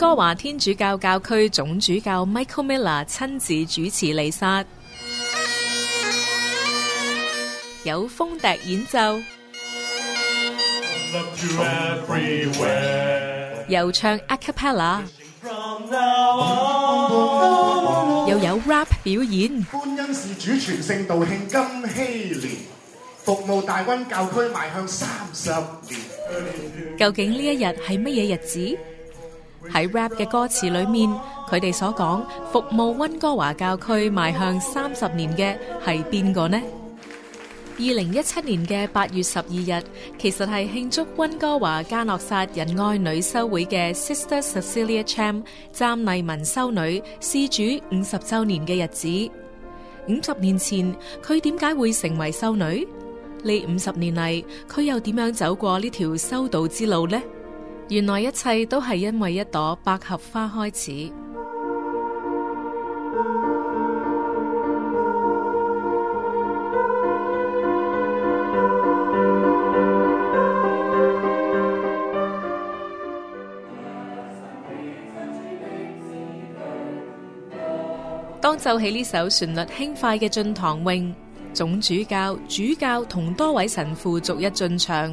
歌華天主教教區總主教 Michael Miller 親自主持彌撒，有風笛演奏，又唱 acapella，又有 rap 表演。觀音寺主全聖道慶金禧年，服務大溫教區邁向三十年。究竟呢一日係乜嘢日子？喺 rap 嘅歌詞裏面，佢哋所講服務溫哥華教區邁向三十年嘅係邊個呢？二零一七年嘅八月十二日，其實係慶祝溫哥華嘉諾撒仁愛女修會嘅 Sister Cecilia Cham 詹麗文修女施主五十周年嘅日子。五十年前，佢點解會成為修女？呢五十年嚟，佢又點樣走過呢條修道之路呢？原來一切都係因為一朵百合花開始。當奏起呢首旋律輕快嘅《進堂詠》，總主教、主教同多位神父逐一進場。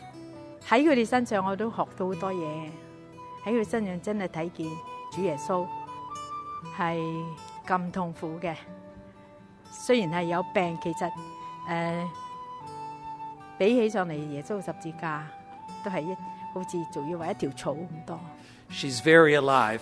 喺佢哋身上我都學到好多嘢，喺佢身上真係睇見主耶穌係咁痛苦嘅，雖然係有病，其實誒、呃、比起上嚟，耶穌十字架都係一好似仲要為一條草咁多。She's very alive.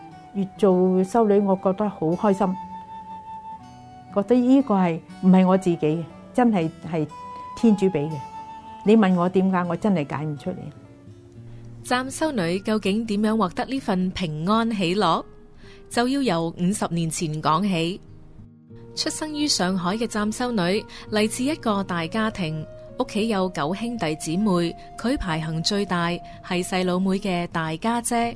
越做修女，我覺得好開心，覺得呢個係唔係我自己嘅，真係係天主俾嘅。你問我點解，我真係解唔出嚟。湛修女究竟點樣獲得呢份平安喜樂？就要由五十年前講起。出生於上海嘅湛修女，嚟自一個大家庭，屋企有九兄弟姊妹，佢排行最大，係細佬妹嘅大家姐。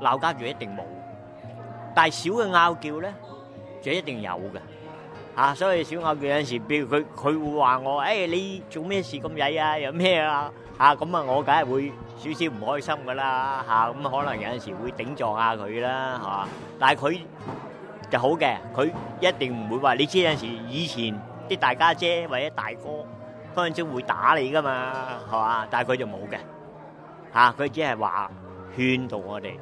鬧交就一定冇，但係小嘅拗撬咧，就一定有嘅。吓，所以小拗撬有陣時，比如佢佢會話我，誒，你做咩事咁曳啊？有咩啊？吓，咁啊，我梗係會少少唔開心噶啦。吓，咁可能有陣時會頂撞下佢啦，係嘛。但係佢就好嘅，佢一定唔會話，你知有陣時以前啲大家姐或者大哥，嗰陣時會打你噶嘛，係嘛。但係佢就冇嘅。吓，佢只係話勸導我哋。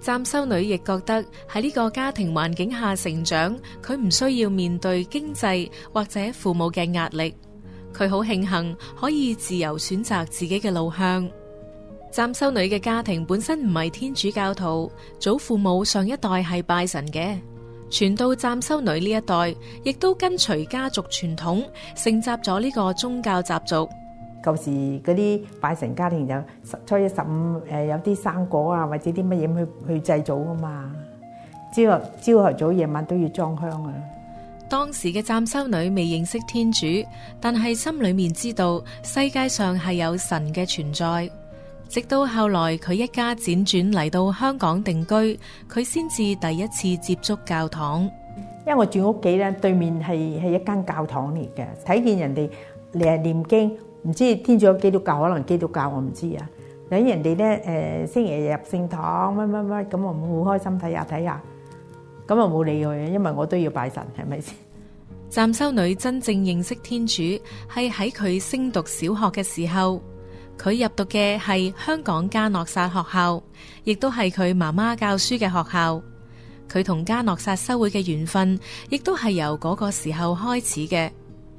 湛修女亦覺得喺呢個家庭環境下成長，佢唔需要面對經濟或者父母嘅壓力，佢好慶幸可以自由選擇自己嘅路向。湛修女嘅家庭本身唔係天主教徒，祖父母上一代係拜神嘅，傳到湛修女呢一代，亦都跟隨家族傳統，承襲咗呢個宗教習俗。舊時嗰啲拜神家庭就初一十五誒有啲生果啊，或者啲乜嘢去去祭祖啊嘛。朝朝朝頭早夜晚都要裝香啊。當時嘅湛修女未認識天主，但係心裏面知道世界上係有神嘅存在。直到後來佢一家輾轉嚟到香港定居，佢先至第一次接觸教堂。因為我住屋企咧，對面係係一間教堂嚟嘅，睇見人哋誒唸經。唔知天主教、基督教，可能基督教我唔知啊。等人哋咧，誒、呃、星期日入聖堂，乜乜乜咁，我好開心睇下睇下，咁我冇理佢，因為我都要拜神，係咪先？湛修女真正認識天主，係喺佢升讀小學嘅時候，佢入讀嘅係香港嘉諾撒學校，亦都係佢媽媽教書嘅學校。佢同嘉諾撒修會嘅緣分，亦都係由嗰個時候開始嘅。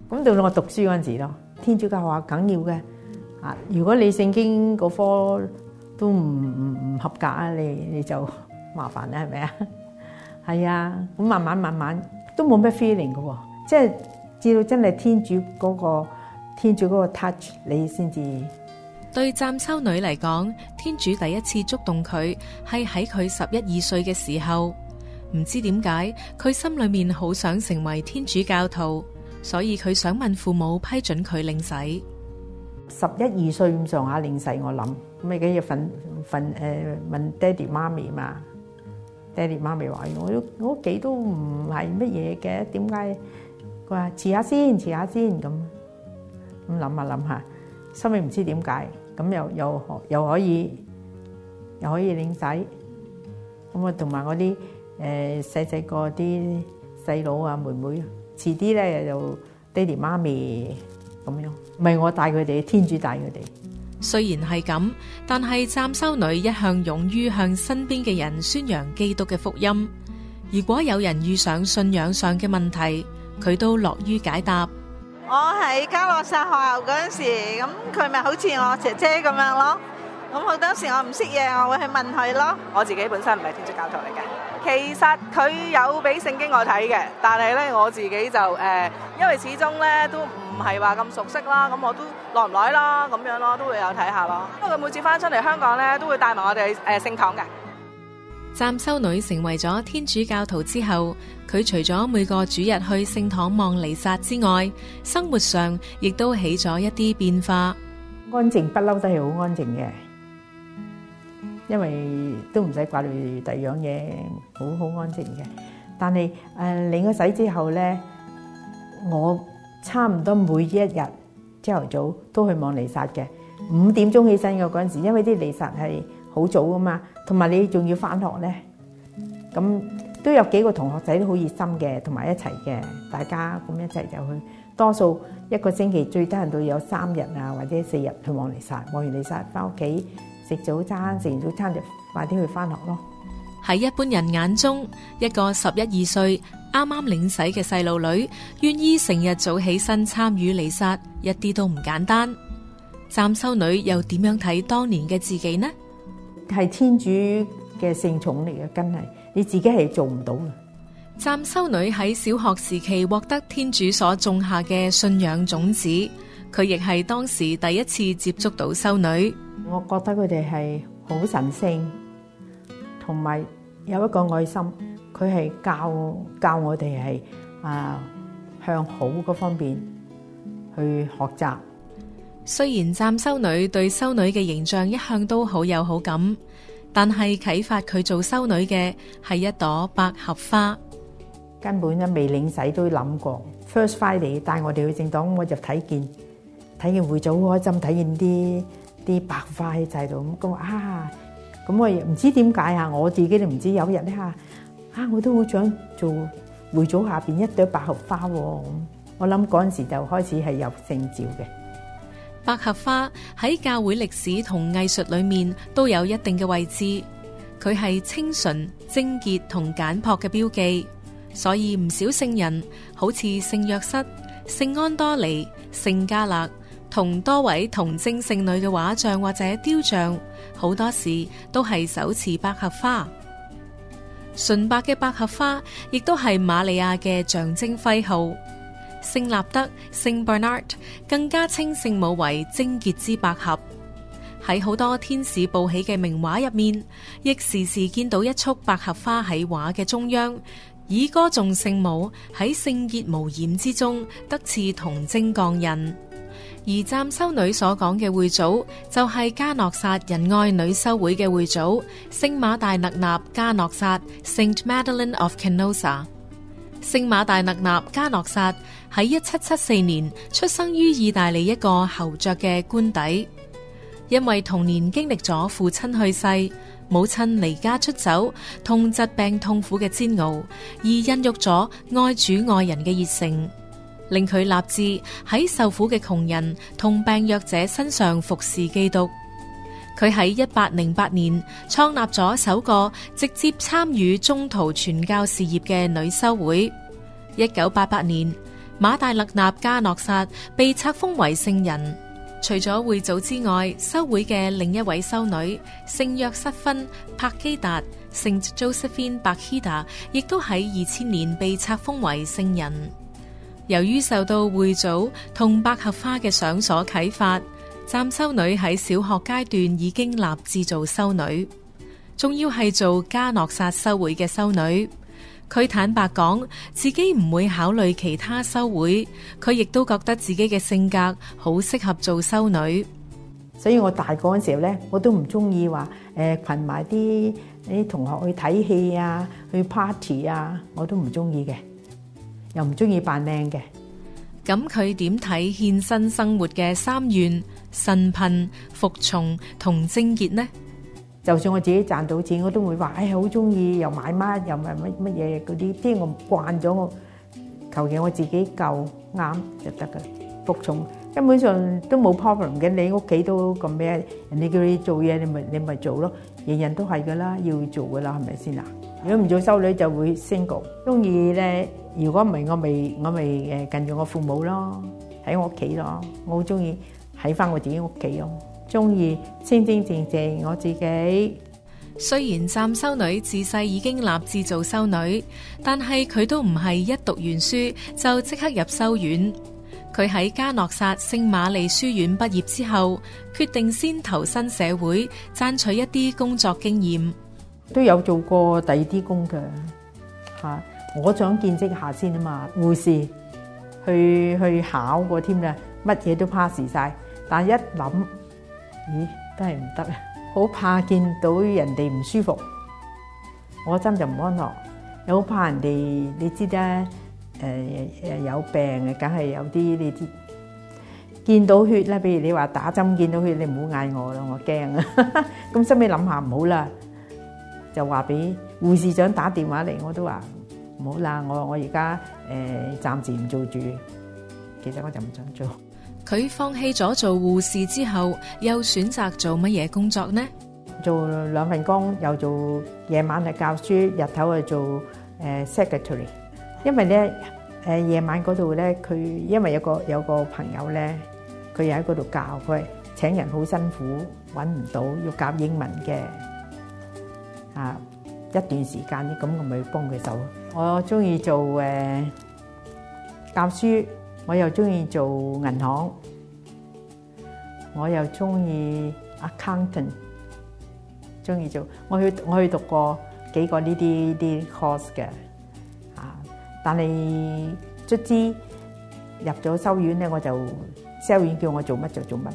咁到咗我讀書嗰陣時咯。天主教話緊要嘅，啊！如果你聖經嗰科都唔唔合格啊，你你就麻煩啦，係咪啊？係啊，咁慢慢慢慢都冇咩 feeling 嘅，即係至到真係天主嗰、嗰個天主嗰個 touch，你先至對湛修女嚟講，天主第一次觸動佢係喺佢十一二歲嘅時候，唔知點解佢心裏面好想成為天主教徒。所以佢想問父母批准佢領洗，十一二歲咁上下領洗，我諗咁你梗要問問誒問爹哋媽咪嘛？爹哋媽咪話，我我屋企都唔係乜嘢嘅。點解？佢話遲下先，遲下先咁咁諗下諗下，心裏唔知點解，咁又又又可以又可以領洗，咁啊同埋我啲誒細細個啲細佬啊妹妹。遲啲咧又有爹哋媽咪咁樣，唔係我帶佢哋，天主帶佢哋。雖然係咁，但係湛修女一向勇於向身邊嘅人宣揚基督嘅福音。如果有人遇上信仰上嘅問題，佢都樂於解答。我喺嘉諾撒學校嗰陣時，咁佢咪好似我姐姐咁樣咯。咁好多時我唔識嘢，我會去問佢咯。我自己本身唔係天主教徒嚟嘅。其實佢有俾聖經我睇嘅，但係咧我自己就誒、呃，因為始終咧都唔係話咁熟悉啦，咁我都耐唔耐啦，咁樣咯，都會有睇下咯。不過佢每次翻出嚟香港咧，都會帶埋我哋誒聖堂嘅。湛修女成為咗天主教徒之後，佢除咗每個主日去聖堂望彌撒之外，生活上亦都起咗一啲變化。安靜不嬲都係好安靜嘅。因為都唔使掛住第二樣嘢，好好安靜嘅。但係誒領咗洗之後咧，我差唔多每一日朝頭早都去望彌撒嘅。五點鐘起身嘅嗰陣時，因為啲彌撒係好早啊嘛，同埋你仲要翻學咧。咁都有幾個同學仔都好熱心嘅，同埋一齊嘅，大家咁一齊就去。多數一個星期最低限度有三日啊，或者四日去望彌撒，望完彌撒翻屋企，食早餐，食完早餐就快啲去返學咯。喺一般人眼中，一個十一二歲啱啱領洗嘅細路女，願意成日早起身參與彌撒，一啲都唔簡單。湛修女又點樣睇當年嘅自己呢？係天主嘅聖寵嚟嘅，真係你自己係做唔到嘅。湛修女喺小學時期獲得天主所種下嘅信仰種子。佢亦係當時第一次接觸到修女，我覺得佢哋係好神聖，同埋有一個愛心。佢係教教我哋係啊向好嗰方面去學習。雖然站修女對修女嘅形象一向都好有好感，但係啟發佢做修女嘅係一朵百合花，根本一未領洗都諗過。First Friday，帶我哋去正黨，我就睇見。睇見會組好開心，睇見啲啲白花喺製度咁，我話啊，咁我亦唔知點解啊，我自己都唔知。有日咧嚇，啊，我都好想做會組下邊一朵百合花。我諗嗰陣時就開始係有聖召。嘅百合花喺教會歷史同藝術裏面都有一定嘅位置，佢係清純、貞潔同簡樸嘅標記，所以唔少聖人好似聖若瑟、聖安多尼、聖加勒。同多位童貞聖女嘅畫像或者雕像，好多時都係手持百合花，純白嘅百合花亦都係瑪利亞嘅象徵徽號。聖納德聖 Bernard 更加稱聖母為貞潔之百合。喺好多天使報喜嘅名畫入面，亦時時見到一束百合花喺畫嘅中央，以歌頌聖母喺聖潔無染之中得賜童貞降孕。而暫修女所講嘅會組就係加諾薩仁愛女修會嘅會組，聖馬大勒納加諾薩，Saint Madeleine of Canossa。聖馬大勒納加諾薩喺一七七四年出生於意大利一個侯爵嘅官邸，因為童年經歷咗父親去世、母親離家出走、痛疾病痛苦嘅煎熬，而孕育咗愛主愛人嘅熱誠。令佢立志喺受苦嘅窮人同病弱者身上服侍基督。佢喺一八零八年創立咗首個直接參與中途傳教事業嘅女修會。一九八八年，馬大勒納加諾薩被冊封為聖人。除咗會祖之外，修會嘅另一位修女聖約瑟芬、帕基達、聖 Josephine Bakhita 亦都喺二千年被冊封為聖人。由於受到會祖同百合花嘅上所啟發，湛修女喺小學階段已經立志做修女，仲要係做嘉諾撒修會嘅修女。佢坦白講，自己唔會考慮其他修會。佢亦都覺得自己嘅性格好適合做修女。所以我大個嗰時候咧，我都唔中意話誒群埋啲啲同學去睇戲啊，去 party 啊，我都唔中意嘅。又唔中意扮靚嘅，咁佢點睇獻身生活嘅三願、神貧、服從同貞潔呢？就算我自己賺到錢，我都會話：哎，好中意又買乜，又唔係乜乜嘢，嗰啲。即係我唔慣咗，我求其我自己夠啱就得噶服從根本上都冇 problem 嘅。你屋企都咁咩，人哋叫你做嘢，你咪你咪做咯。人人都係噶啦，要做噶啦，係咪先啊？如果唔做修女就會 single，中意咧。如果唔係，我咪我咪誒近住我父母咯，喺我屋企咯。我好中意喺翻我自己屋企咯，中意清清淨淨我自己。雖然暫修女自細已經立志做修女，但係佢都唔係一讀完書就即刻入修院。佢喺嘉諾撒聖瑪利書院畢業之後，決定先投身社會，爭取一啲工作經驗。都有做過第二啲工嘅嚇，我想見識下先啊嘛。護士去去考過添啦，乜嘢都 pass 晒，但一諗咦都係唔得，好怕見到人哋唔舒服，我心就唔安樂，又好怕人哋你知啦，誒誒有病嘅，梗係有啲你知見到血啦，譬如你話打針見到血，你唔好嗌我咯，我驚啊！咁後尾諗下唔好啦。就話俾護士長打電話嚟，我都話唔好啦，我我而家誒暫時唔做住，其實我就唔想做。佢放棄咗做護士之後，又選擇做乜嘢工作呢？做兩份工，又做夜晚係教書，日頭去做誒、呃、secretary。因為咧誒、呃、夜晚嗰度咧，佢因為有個有個朋友咧，佢又喺嗰度教，佢請人好辛苦，揾唔到，要教英文嘅。啊，一段時間啲咁，我咪幫佢手。我中意做誒教書，我又中意做銀行，我又中意 accountant，中意做。我去我去讀過幾個呢啲啲 course 嘅，啊，但係卒之入咗修院咧，我就修院叫我做乜就做乜。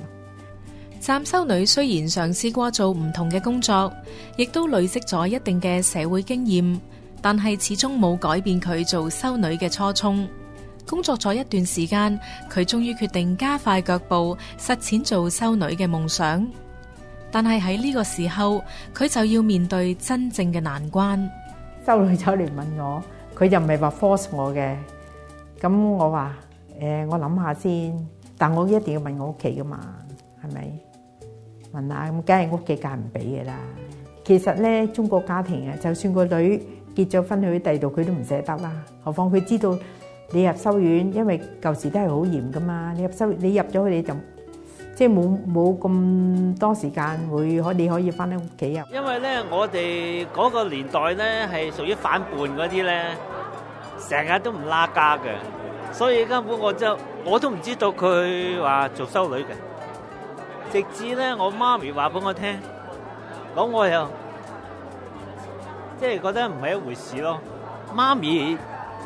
暫修女雖然嘗試過做唔同嘅工作，亦都累積咗一定嘅社會經驗，但係始終冇改變佢做修女嘅初衷。工作咗一段時間，佢終於決定加快腳步實踐做修女嘅夢想。但係喺呢個時候，佢就要面對真正嘅難關。修女走嚟問我，佢又唔係話 force 我嘅，咁我話誒、呃，我諗下先，但我一定要問我屋企噶嘛，係咪？問啊，咁梗係屋企家人唔俾嘅啦。其實咧，中國家庭啊，就算個女結咗婚去第二度，佢都唔捨得啦。何況佢知道你入修院，因為舊時都係好嚴噶嘛。你入修，你入咗去，你就即係冇冇咁多時間會可你可以翻嚟屋企啊。因為咧，我哋嗰個年代咧係屬於反叛嗰啲咧，成日都唔拉家嘅，所以根本我就我都唔知道佢話做修女嘅。直至咧，我媽咪話俾我聽，咁我又即係覺得唔係一回事咯。媽咪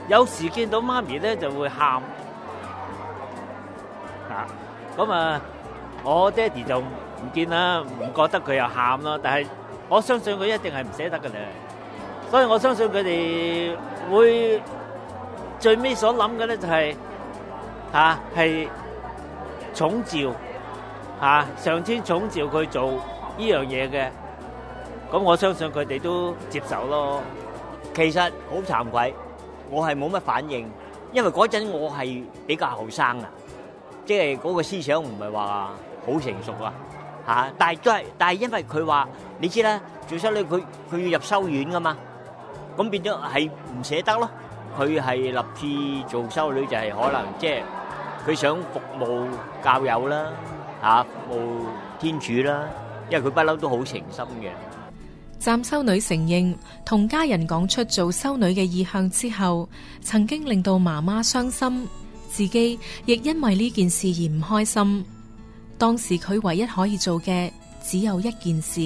有時見到媽咪咧就會喊，啊咁啊，我爹哋就唔見啦，唔覺得佢又喊啦。但係我相信佢一定係唔捨得嘅咧，所以我相信佢哋會最尾所諗嘅咧就係、係、吓，係、啊、重照。嚇！上天寵召佢做呢樣嘢嘅，咁我相信佢哋都接受咯。其實好慚愧，我係冇乜反應，因為嗰陣我係比較後生啊，即係嗰個思想唔係話好成熟啊。嚇！但係都係，但係因為佢話你知啦，做修女佢佢要入修院㗎嘛，咁變咗係唔捨得咯。佢係立志做修女，就係可能即係佢想服務教友啦。吓服務天主啦，因為佢不嬲都好誠心嘅。湛修女承認同家人講出做修女嘅意向之後，曾經令到媽媽傷心，自己亦因為呢件事而唔開心。當時佢唯一可以做嘅只有一件事，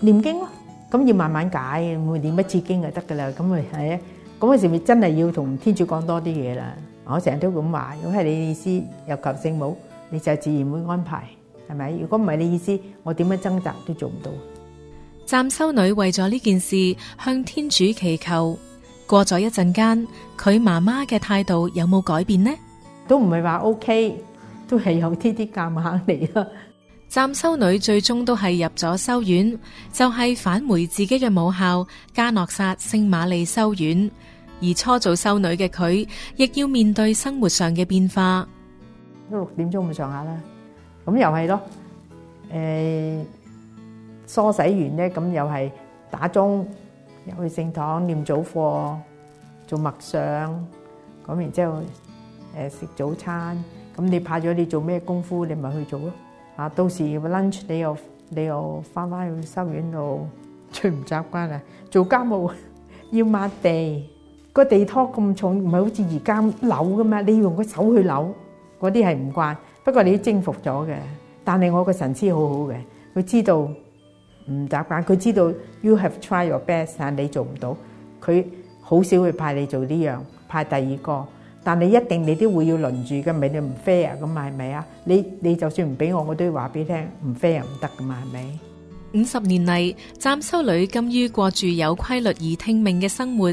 念經咯，咁要慢慢解，唔會念一次經就得噶啦。咁咪係啊？嗰陣時咪真係要同天主講多啲嘢啦。我成日都咁話，如果係你意思，又求聖母。你就自然會安排，係咪？如果唔係你意思，我點樣掙扎都做唔到啊。暫修女為咗呢件事向天主祈求。過咗一陣間，佢媽媽嘅態度有冇改變呢？都唔係話 OK，都係有啲啲夾硬嚟咯。暫修女最終都係入咗修院，就係返回自己嘅母校加諾薩聖瑪麗修院。而初做修女嘅佢，亦要面對生活上嘅變化。都六點鐘咁上下啦，咁又係咯。誒梳洗完咧，咁又係打鐘，入去聖堂念早課，做默想，咁然之後誒食早餐。咁你派咗你做咩功夫，你咪去做咯。嚇，到時 lunch 你又你又翻翻去修院度，最唔習慣啊！做家務要抹地，個地拖咁重，唔係好似而家扭㗎咩？你要用個手去扭。嗰啲係唔慣，不過你征服咗嘅。但係我個神師好好嘅，佢知道唔習慣，佢知道 you have tried your best，但你做唔到，佢好少會派你做呢樣，派第二個。但你一定你都會要輪住嘅，唔係你唔 fair 咁嘛係咪啊？你你就算唔俾我，我都要話俾你聽，唔 fair 唔得噶嘛係咪？五十年嚟，湛修女甘於過住有規律而聽命嘅生活。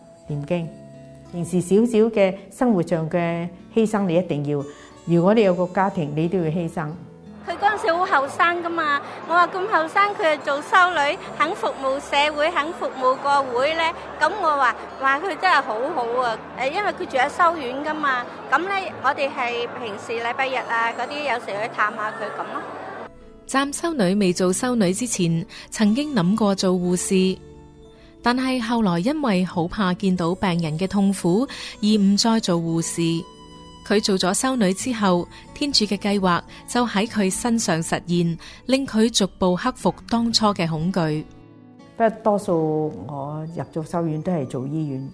念經，平時少少嘅生活上嘅犧牲你一定要。如果你有個家庭，你都要犧牲。佢嗰陣時好後生噶嘛，我話咁後生佢係做修女，肯服務社會，肯服務個會咧，咁我話話佢真係好好啊！誒，因為佢住喺修院噶嘛，咁咧我哋係平時禮拜日啊嗰啲有時去探下佢咁咯。暫修女未做修女之前，曾經諗過做護士。但係後來因為好怕見到病人嘅痛苦而唔再做護士。佢做咗修女之後，天主嘅計劃就喺佢身上實現，令佢逐步克服當初嘅恐懼。不過多數我入咗修院都係做醫院，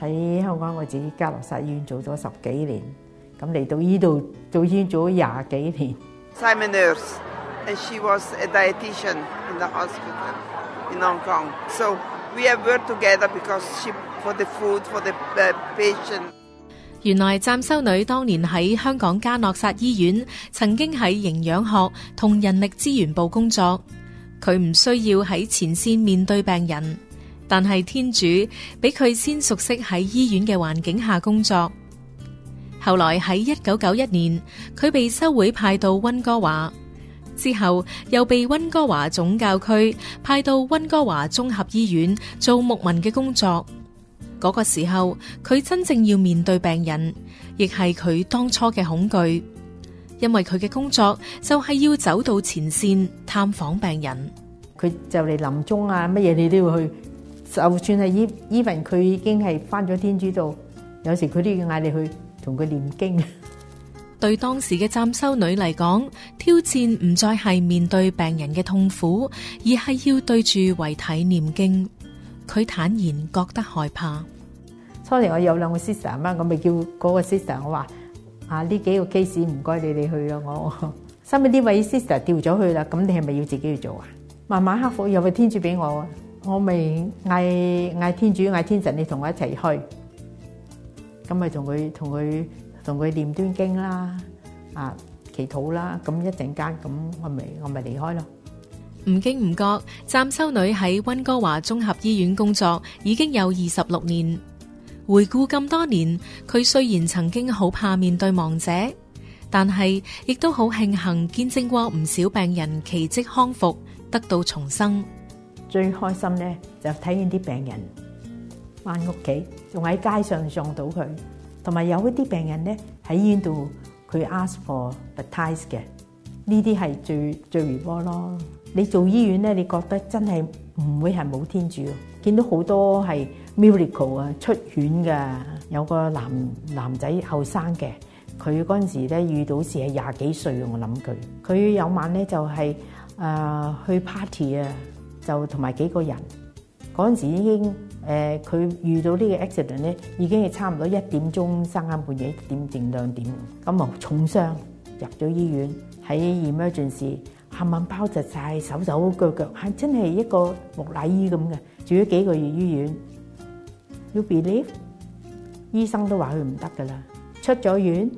喺香港我自己嘉諾撒醫院做咗十幾年，咁嚟到呢度做醫院做咗廿幾年。So、food，原來湛修女當年喺香港嘉諾撒醫院曾經喺營養學同人力資源部工作，佢唔需要喺前線面對病人，但係天主俾佢先熟悉喺醫院嘅環境下工作。後來喺一九九一年，佢被修會派到溫哥華。之後又被溫哥華總教區派到溫哥華綜合醫院做牧民嘅工作。嗰、那個時候，佢真正要面對病人，亦係佢當初嘅恐懼，因為佢嘅工作就係要走到前綫探訪病人。佢就嚟臨終啊，乜嘢你都要去，就算係 even 佢已經係翻咗天主度。有時佢都要嗌你去同佢念經。對當時嘅暫修女嚟講，挑戰唔再係面對病人嘅痛苦，而係要對住遺體念經。佢坦言覺得害怕。初嚟我有兩個 sister 嘛，我咪叫嗰個 sister，我話啊呢幾個 case 唔該你哋去啊，我。身邊啲位 sister 調咗去啦，咁你係咪要自己去做啊？慢慢克服，有個天主俾我，我咪嗌嗌天主，嗌天神，你同我一齊去，咁咪同佢同佢。同佢念《端經》啦，啊，祈禱啦，咁一陣間咁，我咪我咪離開咯。唔經唔覺，暫修女喺温哥華綜合醫院工作已經有二十六年。回顧咁多年，佢雖然曾經好怕面對亡者，但係亦都好慶幸見證過唔少病人奇跡康復，得到重生。最開心呢就係睇見啲病人翻屋企，仲喺街上撞到佢。同埋有一啲病人咧，喺醫院度，佢 ask for baptize 嘅，呢啲係最最 reward 咯。你做醫院咧，你覺得真係唔會係冇天主，見到好多係 miracle 啊出院㗎。有個男男仔後生嘅，佢嗰陣時咧遇到事係廿幾歲我諗佢。佢有晚咧就係、是、誒、呃、去 party 啊，就同埋幾個人嗰陣時已經。誒佢，呃、遇到這個呢個 accident 咧，已經係差唔多一點鐘三更半夜一點定兩點，咁啊重傷入咗醫院喺 emergency 時，冚唪包紮晒，手手腳腳，真係一個木乃伊咁嘅，住咗幾個月醫院。You believe？醫生都話佢唔得噶啦，出咗院，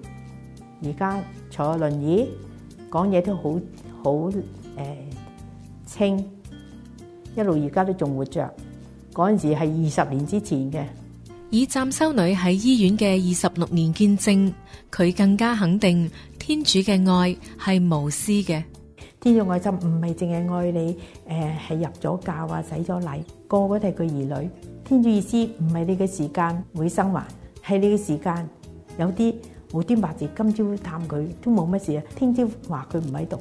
而家坐喺輪椅，講嘢都好好誒清，一路而家都仲活着。嗰陣時係二十年之前嘅。以站修女喺醫院嘅二十六年見證，佢更加肯定天主嘅愛係無私嘅。天主愛就唔係淨係愛你，誒係入咗教啊，洗咗禮，個個都係佢兒女。天主意思唔係你嘅時間會生還，係你嘅時間有啲無端白字，今朝探佢都冇乜事啊，聽朝話佢唔喺度。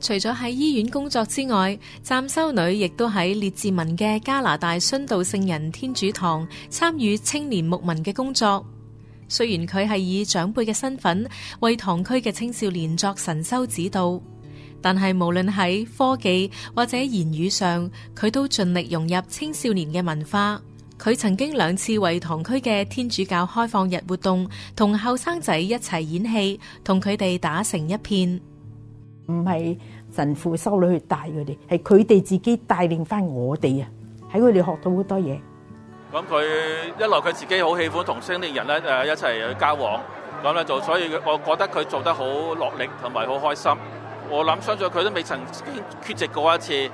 除咗喺醫院工作之外，湛修女亦都喺列治文嘅加拿大殉道聖人天主堂參與青年牧民嘅工作。雖然佢係以長輩嘅身份為堂區嘅青少年作神修指導，但係無論喺科技或者言語上，佢都盡力融入青少年嘅文化。佢曾經兩次為堂區嘅天主教開放日活動同後生仔一齊演戲，同佢哋打成一片。唔係神父修女去帶佢哋，係佢哋自己帶領翻我哋啊！喺佢哋學到好多嘢。咁佢一來佢自己好喜歡同青年人咧誒一齊去交往，咁咧就所以我覺得佢做得好落力同埋好開心。我諗相信佢都未曾缺席過一次誒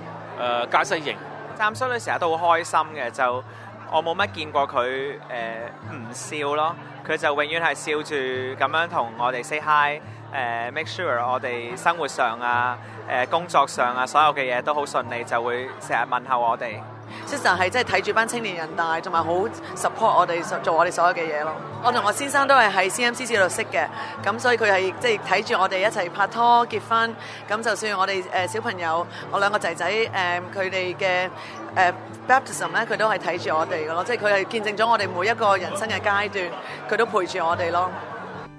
加西營。湛修女成日都好開心嘅，就我冇乜見過佢誒唔笑咯，佢就永遠係笑住咁樣同我哋 say hi。誒、uh, make sure 我哋生活上啊，誒工作上啊，所有嘅嘢都好順利，就會成日問候我哋。Susan 係即係睇住班青年人大，同埋好 support 我哋做我哋所有嘅嘢咯。我同我先生都係喺 CMCC 之度識嘅，咁所以佢係即係睇住我哋一齊拍拖結婚，咁就算我哋誒小朋友，我兩個仔仔誒佢哋嘅誒 baptism 咧，佢都係睇住我哋嘅咯，即係佢係見證咗我哋每一個人生嘅階段，佢都陪住我哋咯。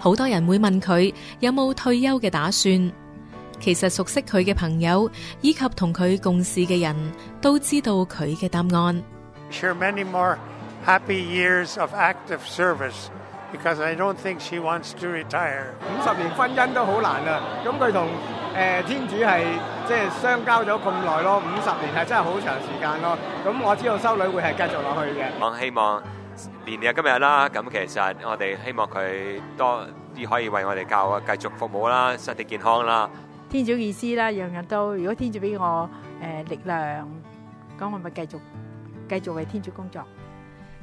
好多人會問佢有冇退休嘅打算，其實熟悉佢嘅朋友以及同佢共事嘅人都知道佢嘅答案。五十年婚姻都好難啊！咁佢同誒天主係即係相交咗咁耐咯，五十年係真係好長時間咯。咁我知道修女會係繼續落去嘅，我希望。年日今日啦，咁其實我哋希望佢多啲可以為我哋教會繼續服務啦，身體健康啦，天主意思啦，樣樣都。如果天主俾我誒力量，咁我咪繼續繼續為天主工作。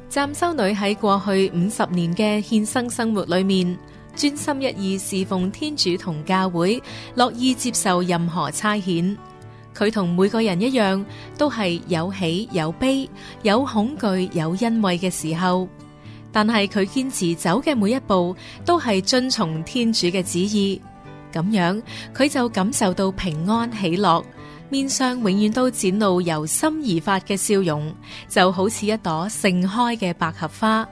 湛修女喺過去五十年嘅獻身生活裏面，專心一意侍奉天主同教會，樂意接受任何差遣。佢同每個人一樣，都係有喜有悲，有恐懼有欣慰嘅時候。但係佢堅持走嘅每一步，都係遵從天主嘅旨意。咁樣佢就感受到平安喜樂，面上永遠都展露由心而發嘅笑容，就好似一朵盛開嘅百合花。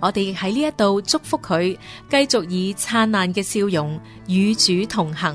我哋喺呢一度祝福佢，繼續以燦爛嘅笑容與主同行。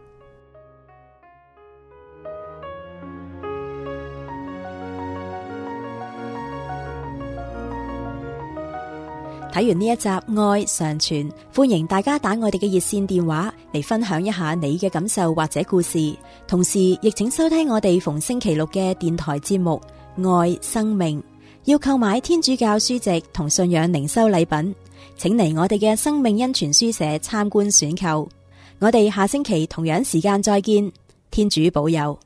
睇完呢一集《愛常存》，歡迎大家打我哋嘅熱線電話嚟分享一下你嘅感受或者故事。同時，亦請收聽我哋逢星期六嘅電台節目《愛生命》。要購買天主教書籍同信仰靈修禮品，請嚟我哋嘅生命恩泉書社參觀選購。我哋下星期同樣時間再見，天主保佑。